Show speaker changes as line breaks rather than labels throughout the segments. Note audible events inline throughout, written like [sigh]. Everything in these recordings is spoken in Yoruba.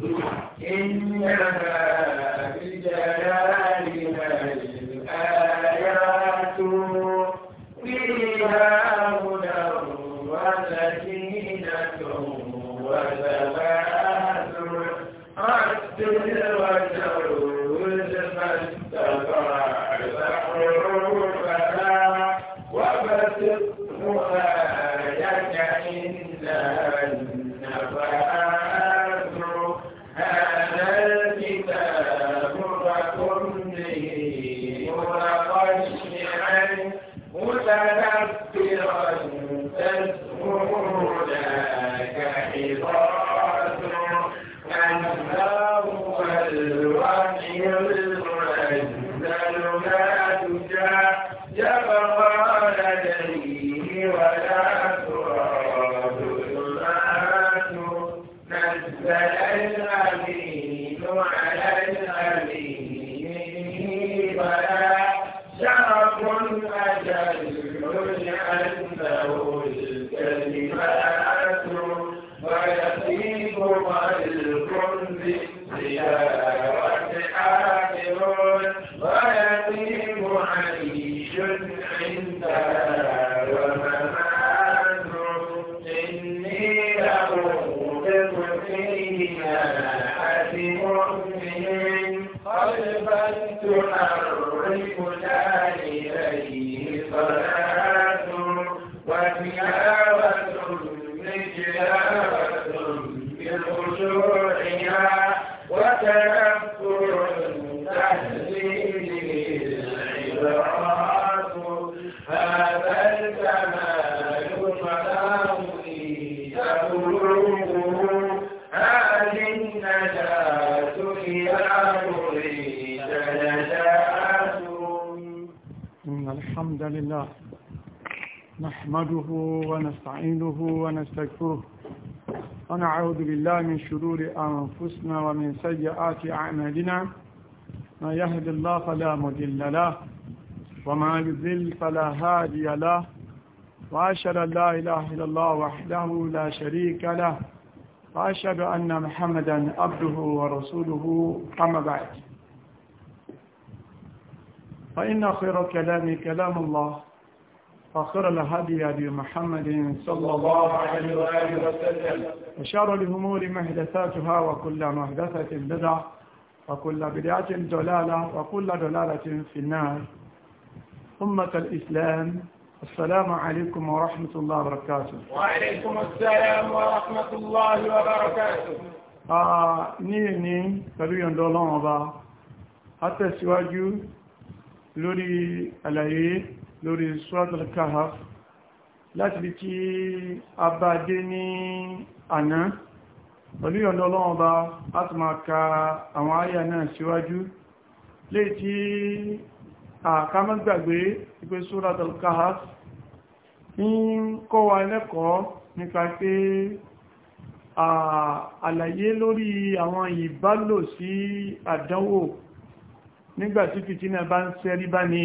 إنها رجال سبحان ربي الأعلى
نحمده ونستعينه ونستغفره ونعوذ بالله من شرور أنفسنا ومن سيئات أعمالنا ما يهد الله فلا مضل له وما يذل فلا هادي له وأشهد أن لا إله إلا الله وحده لا شريك له وأشهد أن محمدا أبده ورسوله أما بعد فإن خير كلام كلام الله وخير الهدي هدي محمد صلى الله عليه وآله وسلم وشر الأمور محدثاتها وكل محدثة بدعة وكل بدعة دلالة وكل دلالة في النار أمة الإسلام السلام عليكم ورحمة الله وبركاته وعليكم السلام ورحمة الله وبركاته آه نيني فلو دولان با حتى سواجو لوري عليه lórí suratul kahf láti bí kí a bá dé ní àná pẹ̀lú ìyọ̀ndọ́ ọlọ́run bá a ti máa ka àwọn àyà náà síwájú lè tí àkámọ́gbàgbé ipé suratul kahf ní kọ́ wa lẹ́kọ̀ọ́ nípa pé àlàyé lórí àwọn ìbálò sí àdánwò nígbàtí fìtínà bá ń sẹ́rí bá ní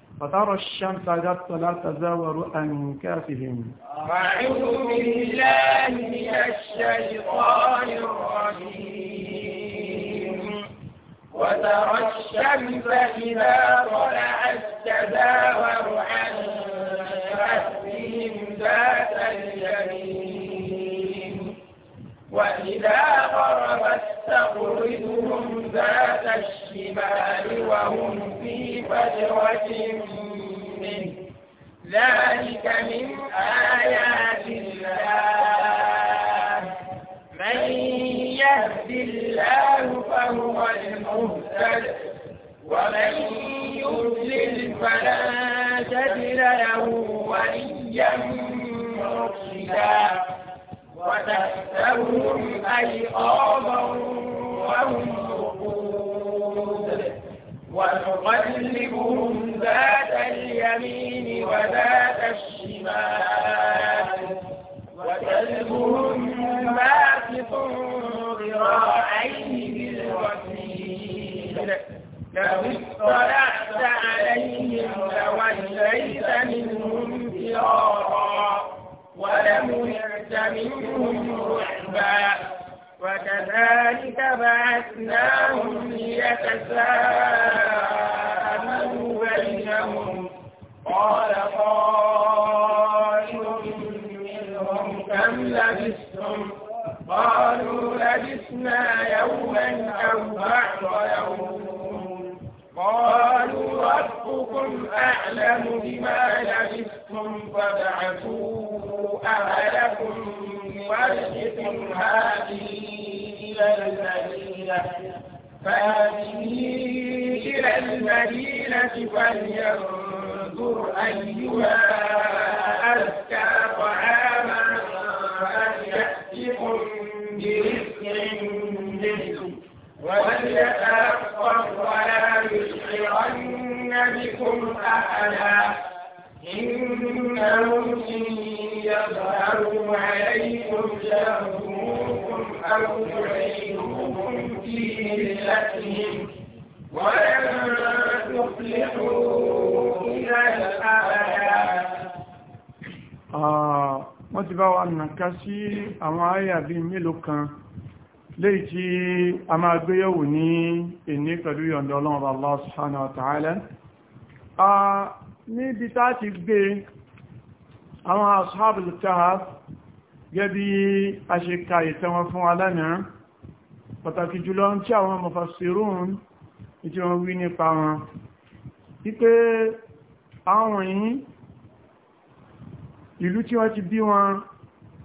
فترى الشمس قد لا تزاور عن كافهم
أعوذ بالله من الشيطان الرجيم
وترى الشمس إذا طلعت تزاور عن كافهم ذات اليمين
وإذا غربت تقرضهم ذات الشمال وهم في فجوة منه ذلك من آيات لهم أيقاظا وهم رقود ونقلبهم ذات اليمين وذات الشمال وكلبهم باسط ذراعيه بالوسيل لو اطلعت عليهم لوليت منهم فرارا ولم يأت منهم رعبا ربا وكذلك بعثناهم ليتساءلوا بينهم قال قائل منهم كم لبثتم قالوا لبثنا يوما أو بعض يوم قالوا ربكم أعلم بما لبثتم فابعثوا أهلكم مرجكم هذه إلى المدينة فهذه إلى المدينة فلينظر أيها في ملتهم ولن تفلحوا إلى الآيات
wọ́n ti bá wa nàká sí àwọn àyà bí mélòó kan léyìí tí a máa gbéyẹ̀wò ní èní pẹ̀lú yọ̀ndọ̀ ọlọ́run Allah subhanahu wa ta'ala ah, níbi tá ti gbé àwọn ashabul kahf gẹ́bí a ṣe ka ìtẹ́wọn fún alámìíràn pàtàkì jùlọ tí àwọn mọ̀fàṣírún tí wọ́n wí nípa wọn wípé àwọn yìí ìlú tí wọ́n ti bí wọn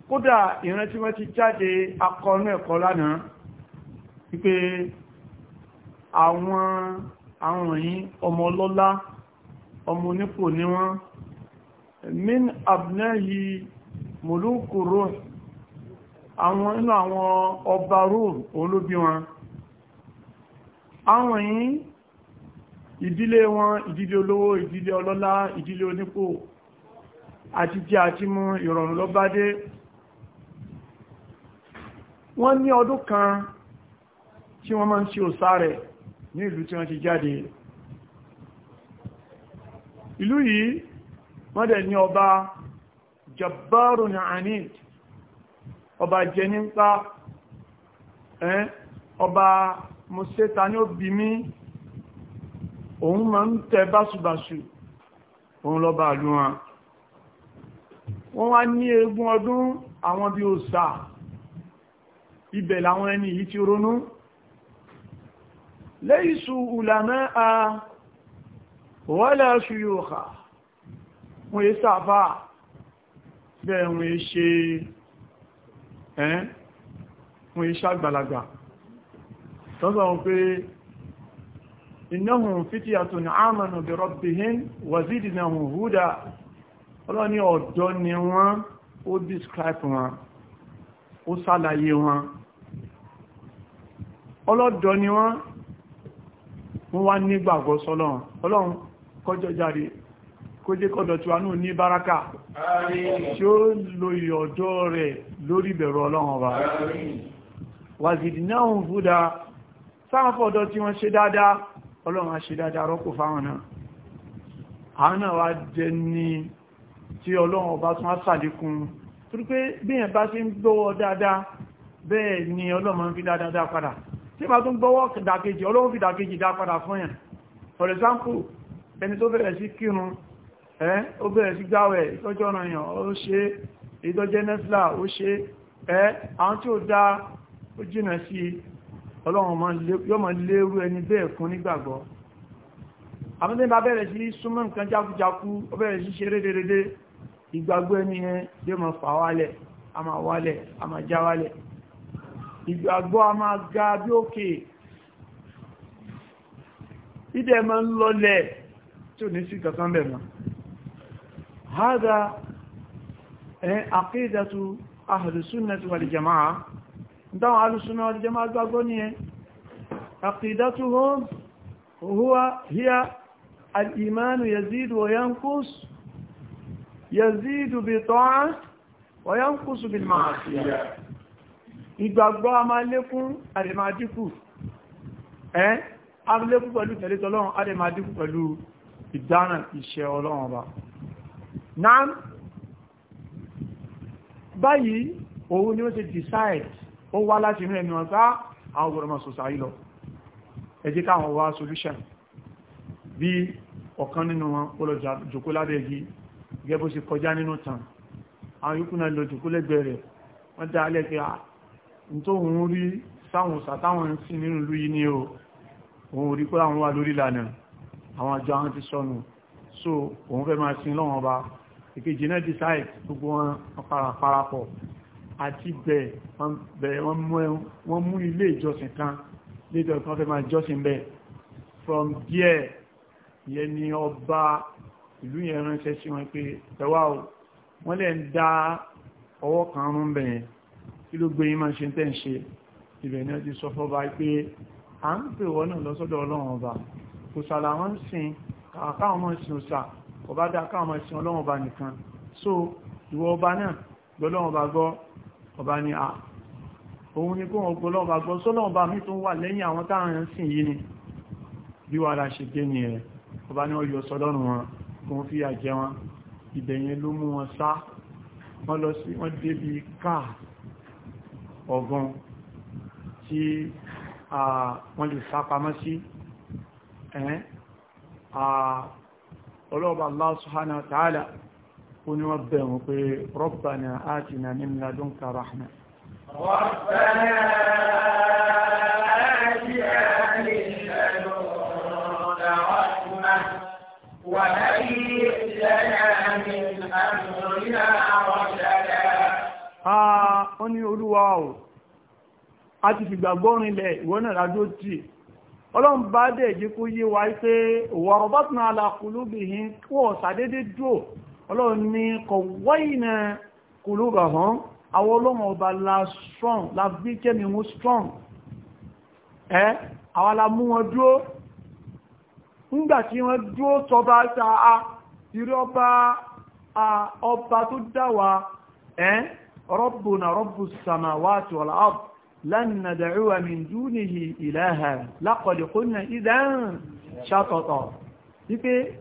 kódà ìran tí wọ́n ti jáde akọ̀ọ́nú ẹ̀kọ́ lánàá wípé àwọn àwọn yìí ọmọ ọlọ́lá ọmọ onípò ní wọn min abnahi muluku àwọn inú àwọn ọba rome olóbi wọn àwọn yìí ìdílé wọn ìdílé olówó ìdílé ọlọ́lá ìdílé onípò àti jẹ àti mú ìrọ̀rùn lọ́bádé wọ́n ní ọdún kan tí wọ́n máa ń ṣe òsà rẹ̀ ní ìlú tí wọ́n ti jáde ìlú yìí wọ́n dẹ̀ ní ọba jabbarun anid ọba jẹ nípa ẹ́ ọba mọ́sẹ́ta ní òbí mi òun ma ń tẹ báṣubàṣù òun lọ́ba àlú wọn wọ́n wá ní egun ọdún àwọn bí òsà ibẹ̀ làwọn ẹni yìí ti ronú lẹ́yìsù ulama a wọ́lẹ̀ ṣuyòkà wọ́n yé sàfà bẹ́ẹ̀ wọ́n yé ṣe ẹ́n fún iṣẹ́ àgbàlagbà tọ́sọ̀ wọn pé innahum fityatun amanu bi rabbihim wa zidnahum huda ọlọ́ni ọ̀dọ́ ni wọ́n ó describe wọn ó sàlàyé wọn ọlọ́dọ̀ ni wọ́n wọ́n wá nígbàgbọ́ sọ́lọ́run kó jẹ́ kọ́dọ̀ tí wà náà ní báraka tí ó lo ìyọ̀dọ́ rẹ̀ lórí bẹ̀rọ ọlọ́run ọba wàzìdì náà ń fúdá sáwọn fọ́dọ̀ tí wọ́n ṣe dáadáa ọlọ́run a ṣe dáadáa rọ́pò fáwọn náà ni ọlọ́run fi dáadáa padà tí ma tún gbọ́wọ́ dàkejì ọlọ́run fi for example ẹni tó bẹ̀rẹ̀ sí kírun ẹ́ ó bẹ̀rẹ̀ sí gbáwẹ̀ ìtọ́jọ́ ọ̀nà èèyàn ó ṣe ìtọ́jẹ́ nẹ́fìlà ó ṣe ẹ́ àwọn tí ó dá ó jìnà sí ọlọ́run yóò mọ̀ ẹni bẹ́ẹ̀ fún nígbàgbọ́ ìgbàgbọ́ a máa ga bí òkè ìdẹ̀ máa ń tí ò ní sí kankan هذا عقيدة أهل السنة والجماعة دعوا أهل السنة والجماعة بقونية عقيدتهم هو هي الإيمان يزيد وينقص يزيد بطاعة وينقص بالمعصية ìgbàgbọ́ a máa lékún àrẹ̀màdíkù ẹ́ a lékún pẹ̀lú tẹ̀lé tọ́lọ́run àrẹ̀màdíkù pẹ̀lú ìdára iṣẹ́ ọlọ́run ọba náà báyìí òun ni ó ti decide ó wá láti rí ẹni ọ̀tá ah, àwọn gbọ́dọ̀mọ̀ sọ̀sáyí lọ ẹ jẹ́ káwọn wá solution bí ọ̀kan nínú wọn ó lọ jòkó lábẹ́ igi gẹ́bó sì kọjá nínú tàn àwọn yókù náà lọ jòkó lẹ́gbẹ̀ẹ́ rẹ̀ wọ́n dá alẹ́ pé ah, tó ń rí sáwọn sàtáwọn sí nínú ìlú yìí ní o òun orí pé wà lórí ìlànà àwọn àjọ so òun fẹ́ ìkejì náà decide gbogbo wọn parapọ̀ àti bẹ̀ẹ̀ wọ́n mú ilé ìjọsìn kan nítorí kan fẹ́ máa jọ́sìn bẹ́ẹ̀ from there yẹn ni ọba ìlú yẹn ránṣẹ́ sí wọn pé tẹwà o wọ́n lẹ́ ń dá ọwọ́ kan rún bẹ̀yẹn kí ló gbé yín máa ṣe tẹ́ ń ṣe ibẹ̀ ni ó ti sọ fọ́ba pé à ń pè wọ́n náà lọ́sọ́dọ̀ ọlọ́run ọba kò sàlà wọ́n sìn kàkà wọ́n sìn òsà kò bá dá káwọn ọmọ ẹ̀sìn ọlọ́run ọba nìkan so ìwọ ọba náà gbọ́lọ́run ọba gbọ́ ọba ni a òun ni kó wọn gbọ́lọ́run ọba gbọ́ sọ́lọ́run ọba mi tó wà lẹ́yìn àwọn táwọn ẹ̀sìn yìí ni bí wàhálà wọ́n lè sápamọ́ sí ẹ̀ẹ́ ọlọ́ọ̀bà Allah subhanahu wa ta'ala ó ní wọ́n bẹ̀ wọ́n pé rabbana atina min ladunka rahma
rabbana atina min ladunka rahma wa hayyi' lana min amrina
rashada ní olúwa ọlọ́run bá dẹ̀ jí kú yí wa pé wọ̀rọ̀ bá tún alákùlúbì yí kó sàdédé dúò ọlọ́run ní kọ̀ wáyìnà kùlúbà hàn àwọn ọlọ́run ọba la strong la bí kẹ́mi mú strong ẹ́ àwọn alamú wọn dúó nígbàtí wọ́n dúó tọba sáà ìrí ọba ọba tó dáwà ẹ́ rọ́bùnà rọ́bù sàmàwà àti ọ̀là áàbù لن ندعو من دونه إلها لقد قلنا إذا شططا wípé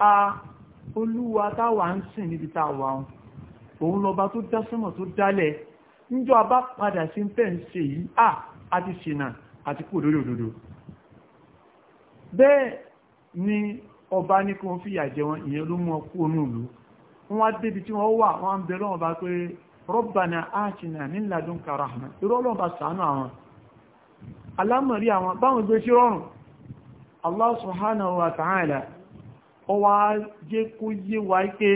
a olúwa táwà ń sìn níbi táwà òun lọba tó dásánmọ̀ tó dálẹ̀ níjọ́ a bá padà sí ń fẹ́ ń ṣe yìí à àti ṣìnà àti kò lórí bẹ́ẹ̀ ni ọba ní kí wọ́n fìyà jẹ wọn ìyẹn ló mú ọkú onú ìlú wọ́n wá débi tí wọ́n wà wọ́n ń bẹ lọ́wọ́ bá pé rọ́bàna áàtìnà nílà dúnkà rahman ìrọ́lọ́n bá sàánú àwọn alámọ̀rí àwọn báwọn gbé sí rọrùn Allah subhanahu wa ta'ala ó wá jẹ́ kó yé wa pé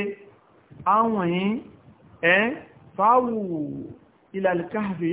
àwọn yìí ẹ́ fáwù ila al-kahfi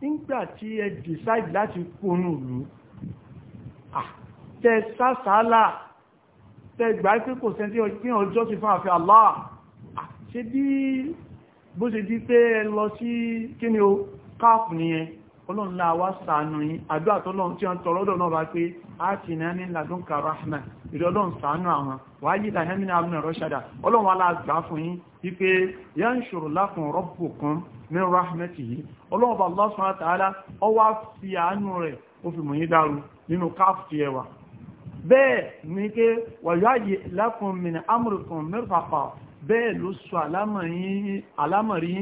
nígbà tí ẹ decide láti kónú ìlú tẹ sásàálà tẹ gbà pé kò sẹ́ntí ọjọ́ sí fún àfẹ́ Allah ṣe bí bó ṣe di pé ẹ lọ sí kíni o káàpù nìyẹn ọlọ́run láwá sàánú yìí àdúrà tọ́lọ́run tí wọ́n tọrọ́dọ̀ náà bá pé atina min ladunka rahma ìrọlọ́n ṣàánú àwọn wà yí ìdáyẹ́ mínú àmìnà rọ́ṣàdà ọlọ́run aláàgbà fún yín wípé yanshuru lakum rabbukum min rahmatihi ọlọ́run Allah subhanahu wa ta'ala ó wá fi àánú rẹ̀ ó fi mọ̀yí dáru nínú káàfì ẹwà bẹ́ẹ̀ ní pé wàyá yìí lakum min amrikum mirfaqa bẹ́ẹ̀ ló sọ alámọ̀rí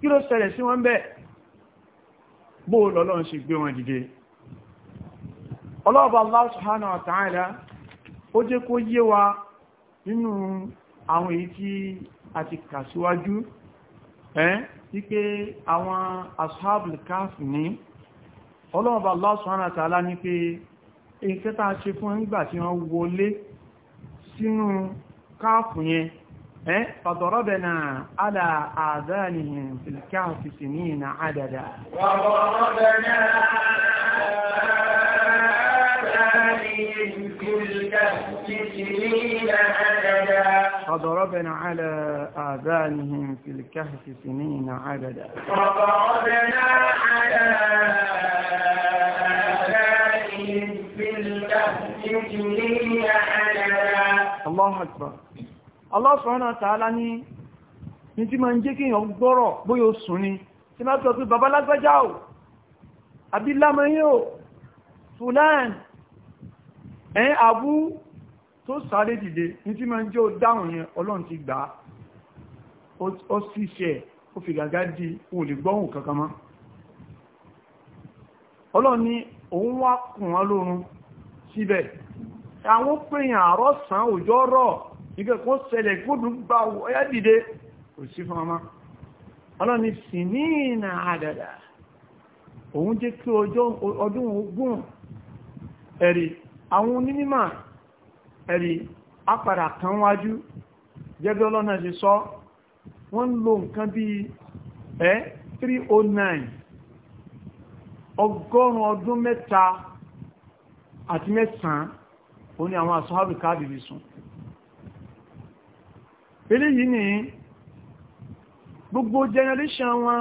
kí ló ṣẹlẹ̀ sí wọn bẹ́ẹ̀ bóò lọ́lọ́run ṣe gbé wọn dìde ọlọ́ọ̀bà Allah subhanahu wa ta'ala ó jẹ́ kó yé wa nínú àwọn èyí tí a ti kà síwájú ẹ́ wípé àwọn ashabul kaf ní ọlọ́ọ̀bà Allah subhanahu ní pé èyí kẹta ṣe fún nígbà tí wọ́n wọlé sínú káàfù yẹn إيه؟ فضربنا على آذانهم في الكهف سنين عددا
وضربنا على في الكهف سنين عددا
فضربنا على آذانهم في الكهف سنين عددا فضربنا على
آذانهم في الكهف سنين عددا
الله أكبر Allah subhanahu wa ta'ala ní ní tí ma ń jẹ́ kí èèyàn gbọ́rọ̀ bóyá o sùn ni tí má sọ pé bàbá lágbájá o àbí lámọ́yé o fulan ẹ̀yìn àbú tó sáré dìde ní tí ma ń jẹ́ o dáhùn yẹn ọlọ́run ti gbà ó sì ṣe ó fi gàgá di òun lè gbọ́hùn kankan mọ́ ọlọ́run ní òun wá kùn wọn lórun síbẹ̀ àwọn pèèyàn àrọ́sàn òjò rọ̀ nígbà kó ṣẹlẹ̀ kódù bá ọyá dìde kò sí fún ọmọ ọlọ́ni sì ní ìnà àdàdà òun jẹ́ kí ọdún ogún eri àwọn onímọ̀ ma apàdà kan wájú jẹ́gbẹ́ ọlọ́nà ṣe sọ wọ́n ń lo nǹkan bí ẹ́ 309 ọgọ́rùn ọdún mẹ́ta àti mẹ́sàn-án òun ni àwọn àṣọ́hábì sùn eléyìí ni gbogbo generation wọn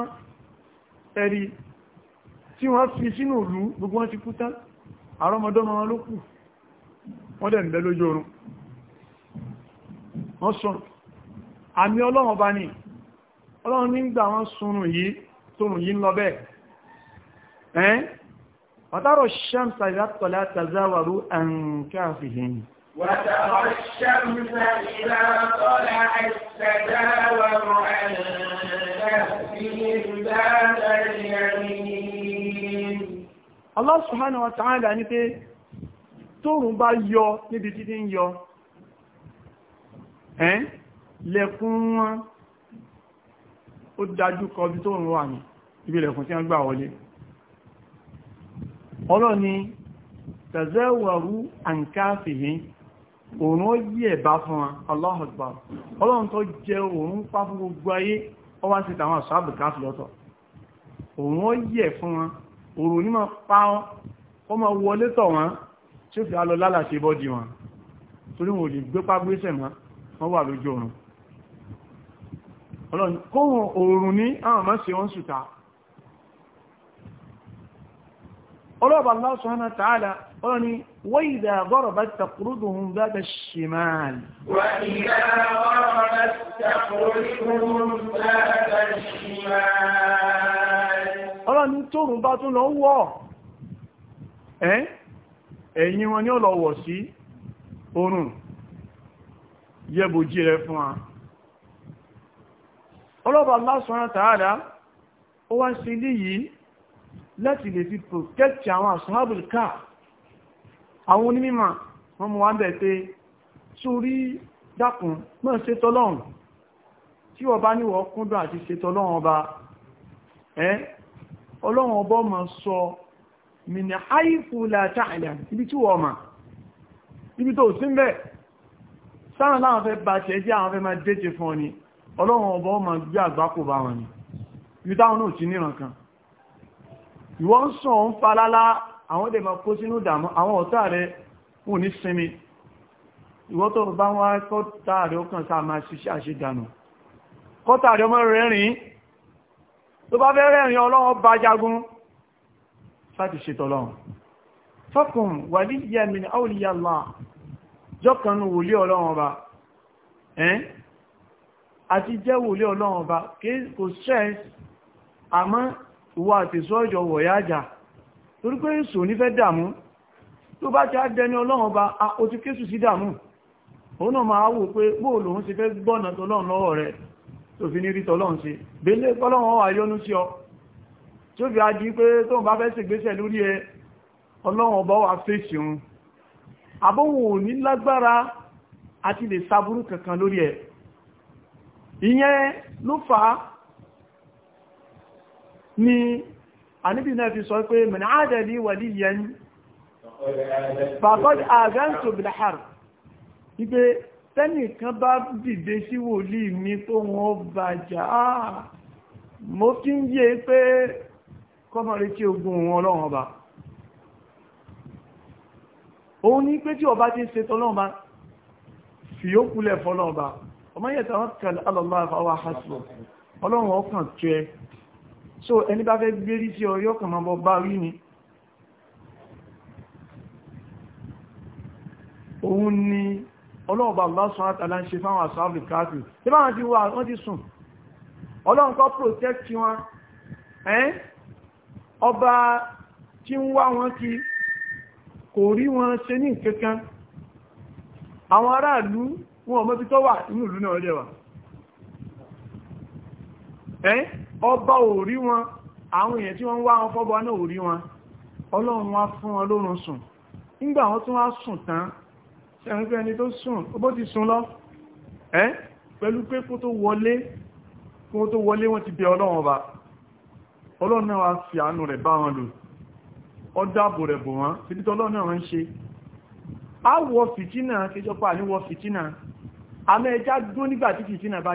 ẹ̀rí tí wọ́n fi sínú ìlú gbogbo wọn ti kú tán àrọ́mọdọ́mọ wọn ló kù wọ́n dẹ̀ ń bẹ lójú oorun wọ́n sùn àmì ọlọ́run ọba ni ọlọ́run nígbà wọ́n sunrùn yìí tóòrùn yìí ń lọ bẹ́ẹ̀ ẹ́n
وترى الشمس إذا طلعت تداور عن نفسهم ذات اليمين
الله سبحانه وتعالى ní pé tóòrùn bá yọ níbi títí ń yọ ẹ́n lẹ́kùn wọn ó dájú kọ bí tóòrùn wà ní ibi lẹ́kùn tí wọ́n gbà wọlé ọlọ́ ni tàzẹ́wàrú òun ó yí ẹ̀bá fún wa ọlọ́run tó jẹ òun pá fún gbogbo ayé ọ wá sí tàwọn àṣàbù lọ́tọ̀ òun ó yí ẹ̀ fún wa òun ní máa pa ọ́ ó wọlé tọ̀ wọn tí ó fi alọ lálàṣẹ bọ́dì wọn torí wọn ò lè gbé págbésẹ̀ mọ́ wọ́n wà lójú òrùn ọlọ́ọ̀bà Allah subhanahu wa ta'ala ọ̀rọ̀ ni wa idha gharabat taqriduhum baba ash-shimal.
wa idha gharabat taqriduhum baba ash-shimal.
ọ̀rọ̀ ni tóòrùn bá tún lọ wọ̀ ẹ̀yìn wọn ni ó lọ ọlọ́ọ̀bà Allah subhanahu ó wá sí ilé yìí láti lè fi protect àwọn àṣọ́hábìlì káà àwọn onímọ̀ wọn mú wá bẹ̀ pé sórí dákùn náà ṣe tọ́lọ́run tí wọ́n bá níwọ̀ kúndùn àti ṣe tọ́lọ́run ọba ẹ́ ọlọ́run ọba ma sọ mìnà haifu láta àìlẹ̀ ibi tí wọ́n ma ibi tó sí mẹ́ sáàrùn láwọn fẹ́ bá ṣe jẹ́ ìwọ ń sùn ń falálá àwọn dẹ̀ ma kó sínú ìdàmú àwọn ọ̀tá rẹ̀ wù ní sinmi ìwọ tó bá wọn kọ́ táàrẹ̀ ó kàn sáà máa ṣiṣẹ́ àṣedànù kọ́ táàrẹ̀ ọmọ rẹ̀rìn tó bá fẹ́ rẹ̀rìn ọlọ́wọ́ bá jagun láti ṣetọ́lọ́run ìwọ àti ìṣọ́ ìjọ wọ̀yájà torí pé ìṣò nífẹ́ dàmú tó bá ti á dẹni ọlọ́run bá o ti kéṣù sí dàmú òun náà máa wò pé bóò lòun ti fẹ́ gbọ́nà tọlọ́run lọ́wọ́ rẹ̀ tó fi ní rí tọlọ́run sí belé pọ́lọ́run wà yọ́nú sí ọ tí ó fi ají pé tóun ni àníbì náà fi sọ pé mẹ́ni àádẹ́lì wàlí yẹn
fàkọ́dì àgáǹtò
bìláhàr wípé tẹ́nì kan bá dìde sí wòlí mi tó wọ́n bàjá ah, mo kí ń yé pé kọ́mọ̀rẹ́ tí ogun wọn ọlọ́run ọba òun ní pé tí ọba ti ṣe tọ́lọ́ọ̀ba fi ó kúlẹ̀ fọ́lọ́ọ̀ba ọmọ yẹ̀ta wọn kàlẹ̀ so ẹni bá fẹ́ gbérí sí ọyọ́ kan máa bọ bá rí ni òun ni ọlọ́ọ̀bà lásán àtàlá ń ṣe fáwọn àsáàbì káàkiri tí bá wọn ti wà wọ́n ti sùn ọlọ́run kọ́ protect wọn ẹ́n ọba tí ń wá wọn kí kò rí wọn ṣe ní kankan àwọn aráàlú wọn ọmọ tí wà inú ìlú náà lẹ́wà ẹ́n ọba ò rí wọn àwọn èèyàn tí wọ́n wá wọn fọ́bọ náà ò wọn ọlọ́run wá fún wọn lórun sùn nígbà wọn tún wá sùn tán sẹ́rìn ẹni tó sùn bó ti sun lọ ẹ́ pẹ̀lú pé kó tó wọlé kó tó wọlé bẹ ọlọ́run ọba ọlọ́run náà wá fi àánú rẹ̀ bá wọn lò dáàbò rẹ̀ bò wọ́n náà ń ṣe á wọ fìtínà kéjọpá fìtínà nígbà tí fìtínà bá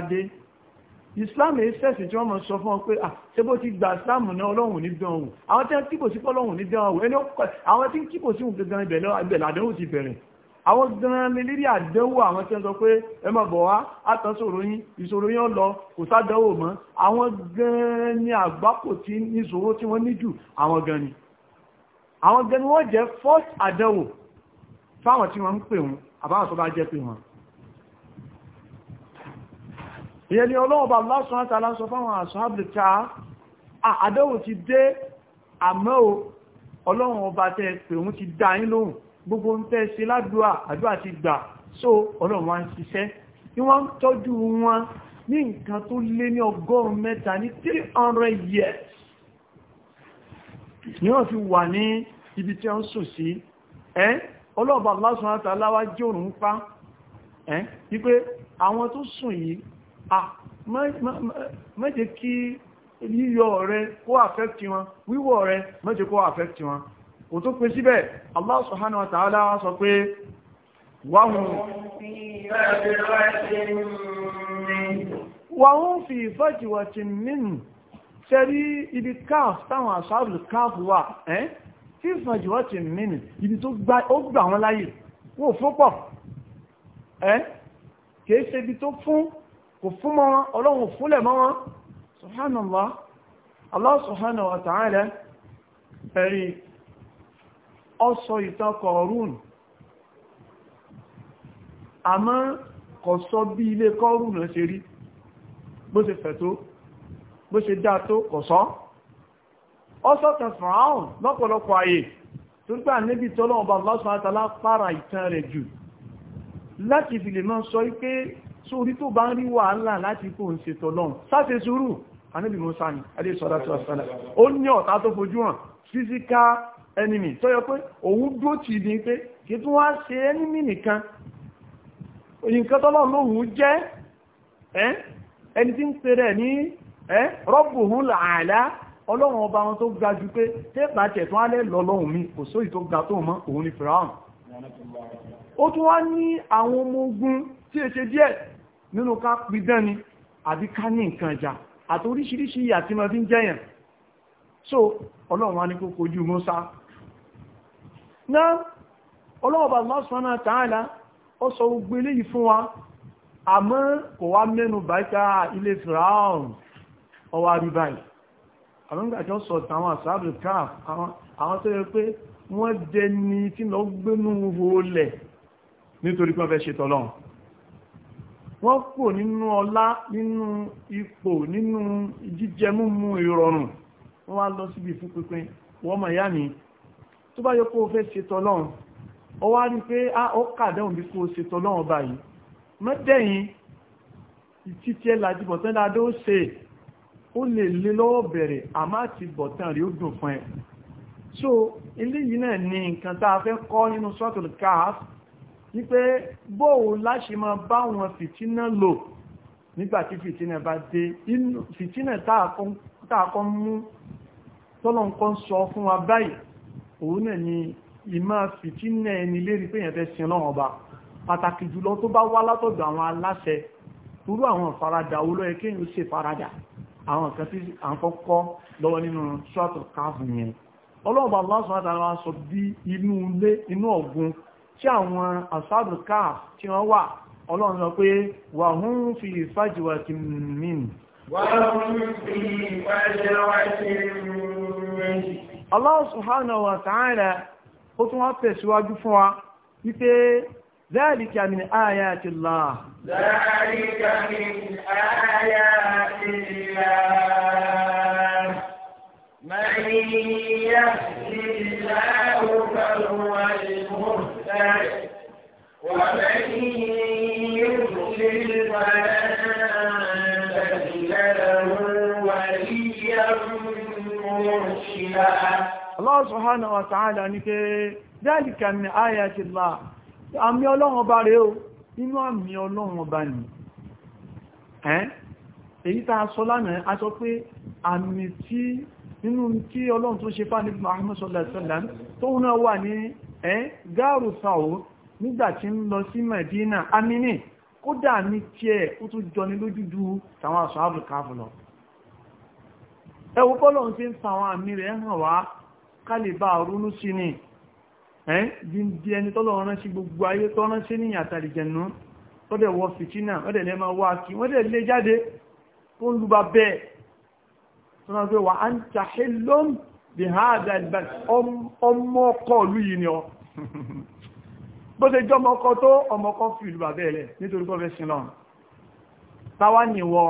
islam èyí sẹ́sìn tí wọ́n mọ̀ sọ fún ọ pé ah, ṣe bó ti gba islam ní ọlọ́run ní dán wò àwọn tí wọ́n kíkò sí ọlọ́run ní dán wò ẹni àwọn tí kíkò sí òun gangan ibẹ̀ lọ́gbẹ̀lẹ̀ àdánwò ti bẹ̀rẹ̀ àwọn gan ni lírí àdánwò àwọn tí wọ́n sọ pé ẹ má bọ̀ wá àtọ́sọ̀rọ̀ yín ìṣòro yín lọ kò sádánwò mọ́ àwọn gan ni àgbákò tí níṣòro tí wọ́n ní jù àwọn gan ni àwọn gan ni wọ́n jẹ́ first àdánwò fáwọn tí wọ́n ń pè wọn àbáwọn tó bá jẹ́ pé wọn ìyẹn ni ọlọ́ọ̀bà lásán àtàlá sọ fáwọn àṣọ́bìtà àdéhùn ti dé àmọ́ ọlọ́run ọba tẹ́ pé òun ti dá yín lóhùn gbogbo ń tẹ́ sí ládùúà àdúà ti gbà so ọlọ́run wá ń ṣiṣẹ́ ní wọ́n ń tọ́jú wọn ní nǹkan tó lé ní ọgọ́rùn mẹ́ta ní 300 years ni wọ́n fi wà ní ibi tí wọ́n sùn sí ẹ́ ọlọ́ọ̀bà lásán àtàlá wá jẹ́ òrùn pa ẹ́ wípé àwọn tó sùn yìí mẹ́jẹ kí yíyọ rẹ kó àfẹ́kì wọn wíwọ̀ rẹ mẹ́jẹ kó àfẹ́kì wọn kò tó pé síbẹ̀ Allah subhanahu wa ta'ala sọ pé wáhùn wọ́n fi fẹ́jìwọ̀tí nínú ṣẹ́rí ibi káàf táwọn àṣàrù káàf wà ẹ́ tí fẹ́jìwọ̀tí nínú ibi tó gbà wọ́n láyé wọ́n fún pọ̀ ẹ́ kìí ṣe ibi tó fún kò fún mọ́ wọn ọlọ́run fúnlẹ̀ mọ́ wọn subhanallah Allah subhanahu wa ta'ala ẹ̀rí ọsọ ìtàn kọ̀ọ̀rún àmọ́ kò sọ bí ilé kọ̀ọ̀rún ṣe rí bó ṣe fẹ̀ tó bó ṣe dá tó kò sọ ọsọ tàn fàáhùn lọ́pọ̀lọpọ̀ ayé tó gbà níbi tọ́lọ́ọ̀bà Allah subhanahu wa pààrà ìtàn rẹ̀ jù láti fi lè máa sọ pé sórí tó bá ń rí wàhálà láti kó ń ṣètò lọ́n sáfẹ́ sùúrù anábì musa ni adéṣọ́lá tó ọ̀sánà ó ní ọ̀tá tó fojú hàn physical enemy tó yẹ pé òun dúró tì ní pé kí tún wá ṣe enemy nìkan nǹkan tọ́lọ́ lóhun jẹ́ ẹni tí ń pè rẹ̀ ní rọ́bù hún làálá ọlọ́run ọba wọn tó ga jù pé tẹ́pà tẹ̀tún alẹ́ lọ́lọ́run mi kò sóyì tó ga tó mọ́ òun ni fìràún ó tún wá ní àwọn ọmọ ogun tí è ṣe díẹ̀ nínú ká pidán ni àbí ká ní nǹkan ìjà àti oríṣiríṣi ìyà tí ma fi ń jẹyàn so ọlọ́run wá ní kó kojú Mùsá náà ọlọ́ọ̀bà lọ́sánà tààlà ó sọ gbogbo ilé yìí fún wa àmọ́ kò wá mẹ́nu báyíká ilé fìràún ọwà rí báyìí àwọn ìgbàjọ́ sọ tàwọn àsáàbì káà àwọn tó yẹ pé wọ́n jẹ tí lọ gbénú olẹ̀ nítorí pé wọ́n fẹ́ ṣe tọ́lọ́run wọ́n kò nínú ọlá nínú ipò nínú jíjẹ múmú ìrọ̀rùn wọ́n wá lọ síbi fún pínpín wọ́n mọ̀ ìyá mi tó bá yọ kó o fẹ́ ṣetọ́ lọ́run ó wá rí pé ah, ó kàdẹ́hùn bí kó o ṣetọ́ lọ́run báyìí mọ́tẹ́yìn ìtítí ẹ̀ láti bọ̀tán dáadọ́ ó ṣe ó lè lé lọ́wọ́ bẹ̀rẹ̀ àmá ti bọ̀tán rí ó dùn fún ẹ so eléyìí náà ni nǹkan tá a fẹ́ kọ́ nínú sọ́tùl káàfù wípé bóò láṣe máa bá wọn fìtínà lò nígbàtí fìtínà bá dé fìtínà tààkọ́ mú tọ́lọ̀nkọ́ sọ fún wa báyìí òun náà ni ìmá fìtínà ẹni lérí pé yẹn fẹ́ sin lọ́wọ́ ọba pàtàkì jùlọ tó bá wá látọ̀dọ̀ àwọn aláṣẹ turú àwọn ìfaradà owó lọ́yẹ kí èyàn ṣe faradà àwọn nǹkan tí à ń kọ́kọ́ lọ́wọ́ nínú ṣọ́ọ̀tù káàfù yẹn ọlọ́ọ̀bà lọ́sàn àtàrà sọ bí inú ilé inú ọ̀gbun tí àwọn asáàbù káàf tí wọ́n wà ọlọ́run sọ pé wà hún fi fàjíwà ti mìn Allah subhanahu wa ta'ala ó tún wá tẹ̀síwájú fún wa wípé ذلك من آيات الله
ذلك من آيات الله من يهدي الله فهو المهتد
ومن
يضلل فلن تجد له وليا مرشدا
Allah subhanahu wa ta'ala ní pé dhalika min ayati Allah. Àmì Ọlọ́run ọba rẹ̀ o, inú àmì Ọlọ́run ọba ni. Ẹ́ èyí tá sọ lánàá, a sọ pé àmì tí nínú tí ọlọ́run tó ṣe fáni Muhammad sallallahu alaihi wasallam tó ń náà wà ní ẹ́ gáàrù sàó nígbà tí ń lọ sí Medina amini kódà ní tiẹ̀ ó tún jọni lójú ju tàwọn àṣọ àbùkáfù lọ ẹwọ bọ́lọ̀un ti ń fa àwọn àmì rẹ̀ hàn wá kálìbà rúnú wọ́n pẹ́ wà á ń ta hillom bí ha àdáìbẹ̀ ọmọ ọkọ̀ ìlú yìí ni ọ [laughs] bó ṣe jọ ọmọkọ tó ọmọkọ fi ìlú bàbẹ́ rẹ̀ nítorí kọ́ fẹ́ sin lọ táwa nìwọ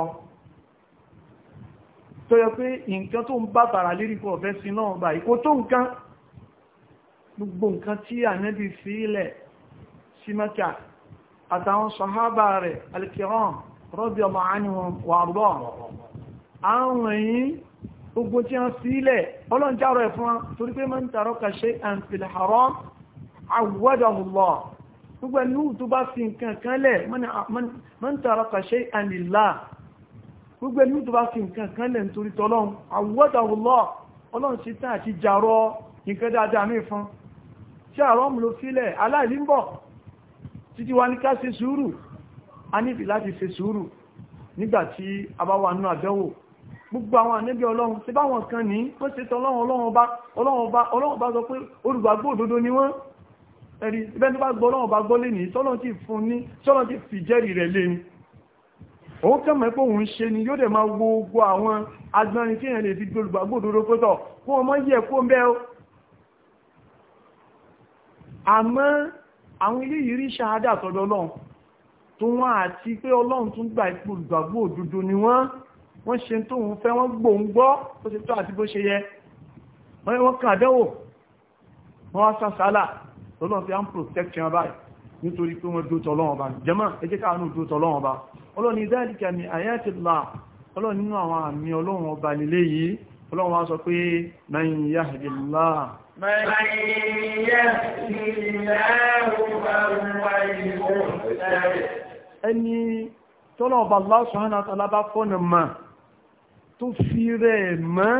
tó yẹ pé nǹkan tó ń bá bàrà lérí kọ́ fẹ́ náà báyìí kò tó nǹkan gbogbo nǹkan tí ànẹ́bí fi ilẹ̀ sí mẹ́kà àtàwọn sọ̀hábà rẹ̀ alìkìrán rọ́bì ọmọ àánú wà rọ́ àwọn yìí gbogbo tí wọ́n sílẹ̀ ọlọ́njáró ẹ̀ fún wọn torí pé man taraka shay'an fil haram awadahu Allah gbogbo ẹni wù tó bá fi nǹkan kan lẹ̀ man taraka shay'an lillah gbogbo ẹni wù tó bá fi nǹkan kan lẹ̀ nítorí tọ́lọ́run awadahu Allah ọlọ́run ti tán àti jàrọ nǹkan dáadáa mí fún tí àrọ́mù ló fílẹ̀ gbogbo àwọn ànábì ọlọ́run ṣe báwọn kan ní wọ́n ṣe tọ́ ọlọ́run ọba ọlọ́run ọba sọ pé olùgbàgbọ́ òdodo ni wọ́n ẹ̀rí ibẹ́ tó bá gbọ́ ọlọ́run ọba gbọ́ lé ní sọ́lọ́n ti fún ní sọ́lọ́n ti fìjẹ́rì rẹ̀ lé ní òun kẹ́mọ̀ pé òun ṣe ni yóò dẹ̀ máa wo gbogbo àwọn agbọ́nrin tí èèyàn lè fi olùgbàgbọ́ òdodo pẹ́tọ̀ kó ọmọ yẹ kó ń bẹ́ ó àmọ́ àwọn ilé yìí rí ṣáádà tọ́dọ̀ ọlọ́run tó wọ́n àti pé ọlọ́run tún gbà ipò olùgbàgbọ́ òdodo ni wọ́n wọ́n ṣe tó ń fẹ́ wọ́n gbòǹgbọ́ ó ti tó àti bó ṣe yẹ wọ́n ni wọ́n kàn àdánwò wọ́n wá sá sálà lọ́lọ́n fi án protect yan báyìí nítorí pé wọ́n dótọ̀ lọ́wọ́n bá jẹ́mọ́ ẹjẹ́ káàánú dótọ̀ lọ́wọ́n bá ọlọ́ni ìdáàdìkà ni àyàtìlá ẹni tọ́lọ̀ ọba Allah subhanahu wa bá fọ́nà máa tó fi rẹ̀ mọ́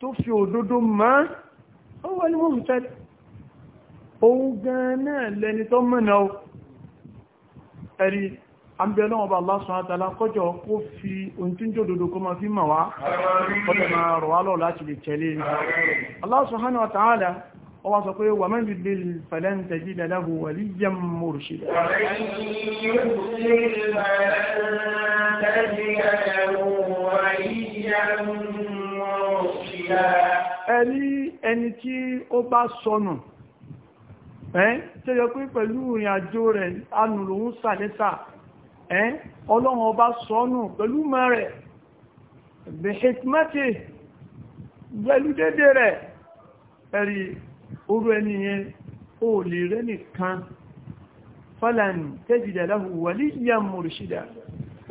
tó fi òdodo mọ́ ó wà ní mọ́mù tẹ́lẹ̀ òun gan náà lẹni tó mọ̀nà o ẹ̀rí àbẹ̀lọ́ ọba Allah subhanahu wa ta'ala kọjọ kó fi ohun tí ń jò dodo kó ma fi mọ̀ wá kọjọ ma rọ̀ wá lọ láti lè tẹ̀lé e. Allah sọ pé wà mẹ́rin lè falan tajida lahu waliyyan murshida wà mẹ́rin lè falan tajida lahu ẹ̀rí ẹni tí ó bá sọnù ẹ́ tó yẹ pé pẹ̀lú ìrìn àjò rẹ̀ anùlòun sàlẹ́sà ẹ́ ọlọ́run ọba sọnù pẹ̀lú mọ́ rẹ̀ bẹ̀hẹ̀tìmẹ́tì pẹ̀lú dédé rẹ̀ ẹ̀rí orú ẹni yẹn ó lè rẹ́ nìkan fọ́lẹ̀nì tẹ́jìdẹ̀ lẹ́hùn wàlíyàn mùrùsídà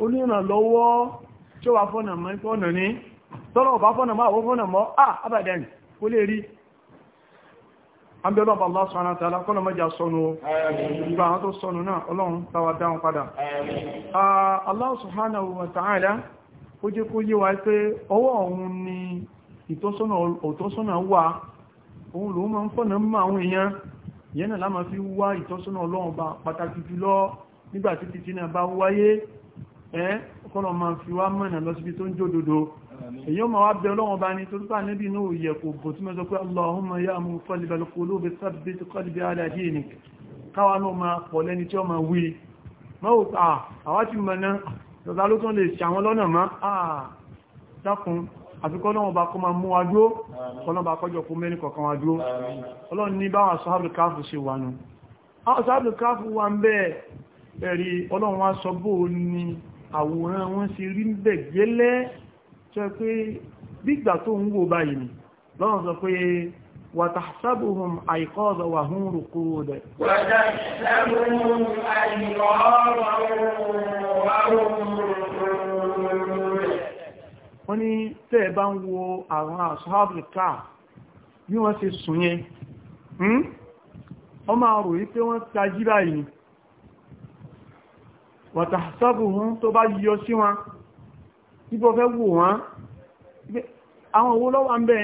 onírànlọ́wọ́ tí ó wà fọ́nà mọ́ ipò ọ̀nà ní tọ́lọ̀ ọ̀bá fọ́nà mọ́ àwọn fọ́nà mọ́ à abadan kó lè rí àbẹ̀lọ́bà Allah subhanahu wa ta'ala kọ́lọ̀ mọ́já sọnù ìgbà àwọn tó sọnù náà ọlọ́run tàwà dáhùn padà ah, Allah wa ta'ala ó jẹ́ kó wa pé ọwọ́ òun ni kọ́lọ̀ máa fi wá mọ̀nà lọ síbi tó ń jódodo èyí ó máa wá bẹ ọlọ́run bá ní torí pà níbi inú òye kò bò tí mo pé Allahumma ya muqallibal qulubi thabbit qalbi ala dinik káwa náà máa pọ̀ lẹ́ni tí ó máa wí mọ́wò pé àwa ti mọ̀ náà tọ́ta ló tán lè ṣàwọn lọ́nà má dákun àfikọ́ náà bá kọ́ máa mú wa dúó ọlọ́run bá kọjọ kó mẹ́rin kọ̀ọ̀kan wa ń bẹ́ẹ̀ ẹ̀rí ọlọ́run wá sọ bóò ní àwòrán wọn ṣe rí ń bẹ̀ gẹ́lẹ́ tó pé gbígbà tó ń wò báyìí ni lọ́wọ́n sọ pé وتحسبهم أيقاظا وهم رقود وتحسبهم
أيقاظا وهم رقود
wọ́n ní tẹ́ bá ń wo àwọn àṣọ́hábìká bí wọ́n ṣe sùn yẹn hmm? wọ́n máa rò wípé wọ́n tají báyìí wọ̀tà sọ́bùhún tó bá yíyọ sí wọn níbo fẹ́ wò wọ́n àwọn owó lọ́wọ́ ń bẹ́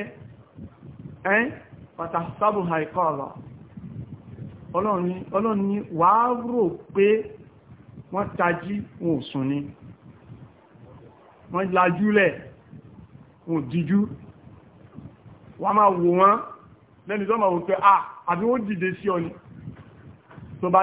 ẹ́n wọ̀tà sọ́bùhà ikọ́ ọ̀lọ́ ọlọ́run ni wà á rò pé wọ́n tají wọn ò sùn ni wọ́n lajúlẹ̀ wọn díjú wọ́n máa wò wọ́n lẹ́ni tó máa wò pé àbí wọ́n dìde sí ọ ni tó bá